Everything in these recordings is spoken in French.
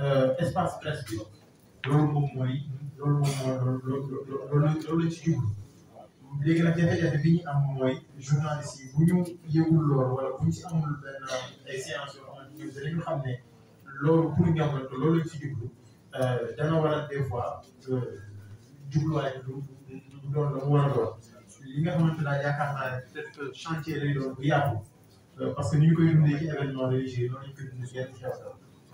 Euh, espace presse la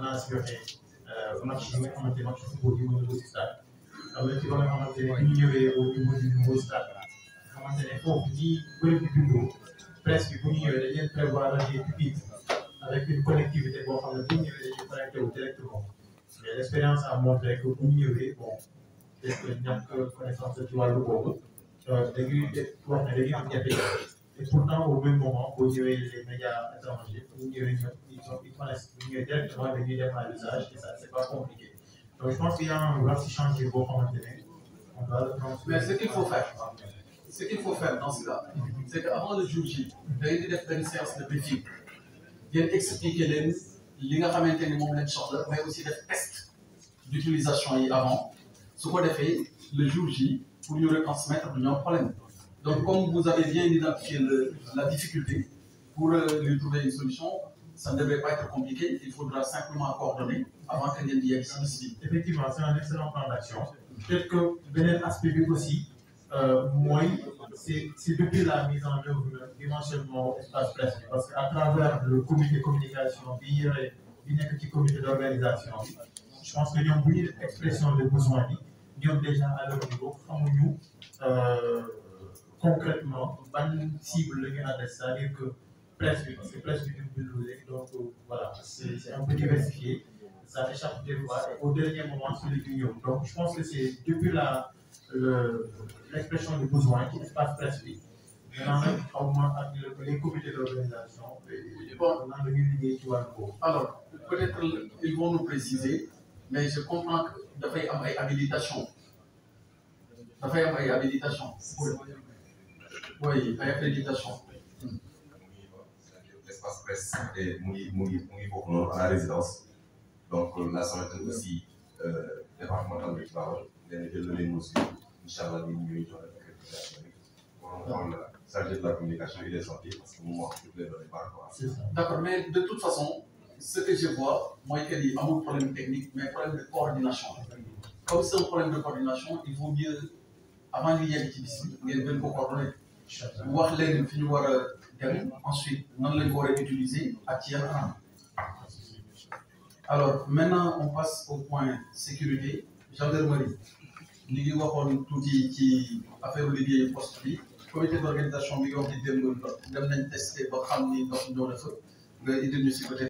parce que match bi nga xamante match football bi mooy Mbour Stade am na ci ba nga xamante ne ñu ñëwee au niveau du Mbour Stade nga xamante ne foofu ci bërëb bi bindoo presse bi bu ñu ñëwee dañuy prévoir des pupitres avec une connectivité boo xam ne bu ñu ñëwee dañuy connecté wu directement mais l' expérience a montré que bu ñu ñëwee bon est ce que ñàkk connaissance ci wàllu boobu da ngay wax ne da ngay am jafe-jafe Et pourtant, au même moment, vous direz les médias étrangers, vous direz ils sont directement les des à l'usage et ça, c'est pas compliqué. Donc, je pense qu'il y a un grand changement de cours Mais ce qu'il faut faire, ce qu'il faut faire dans cela, c'est qu'avant le jour J, vous avez une séance de petit, vous expliquer les li nga xamante ni moom de soxla mais aussi des tests d'utilisation avant avant qu'on a fait le jour J pour lui retransmettre a un problème donc, comme vous avez bien identifié la difficulté, pour euh, lui trouver une solution, ça ne devrait pas être compliqué. Il faudra simplement coordonner avant qu'il y ait solution. Effectivement, c'est un excellent plan d'action. Peut-être que Benet aspect aussi, euh, moi, c'est depuis la mise en œuvre de espace presse, parce qu'à travers le comité de communication, il y a un petit comité d'organisation. Je pense que y a une expression de besoin, nous avons déjà à leur niveau, nous concrètement ban cible la ñu c'est-à-dire que presque, parce que presque bi ñu donc voilà c'est un peu diversifié ça échappe des voix, au dernier moment c'est li unions donc je pense que c'est depuis la l'expression du besoin qui se passe bi maintenant nag xaw ma les comités d'organisation bon ci alors peut-être ils vont nous préciser mais je comprends que am ay habilitation dafay am ay habilitation oui, accréditation. Euh, L'espace presse est à la résidence. Donc, là, ça va être aussi, départemental de Kibarol, les mesures, Inch'Allah, il y donnons l'accréditation. chargé de la communication et la santé, parce que moi, je ne donner pas le D'accord, mais de toute façon, ce que je vois, moi, il y a un problème technique, mais un problème de coordination. Comme c'est un problème de coordination, il vaut mieux, avant de y ici, il y ait une bonne wax leen fi ñu war ensuite nan lañ ko war utiliser à tiers 1 alors maintenant on passe au point sécurité gendarmerie ni ngi waxone tout yi ci affaire liggéeyu poste bi comité d'organisation bi nga wax di démb dem nañ tester ba xam ni ndox ñoo na fa nga indil ñu côté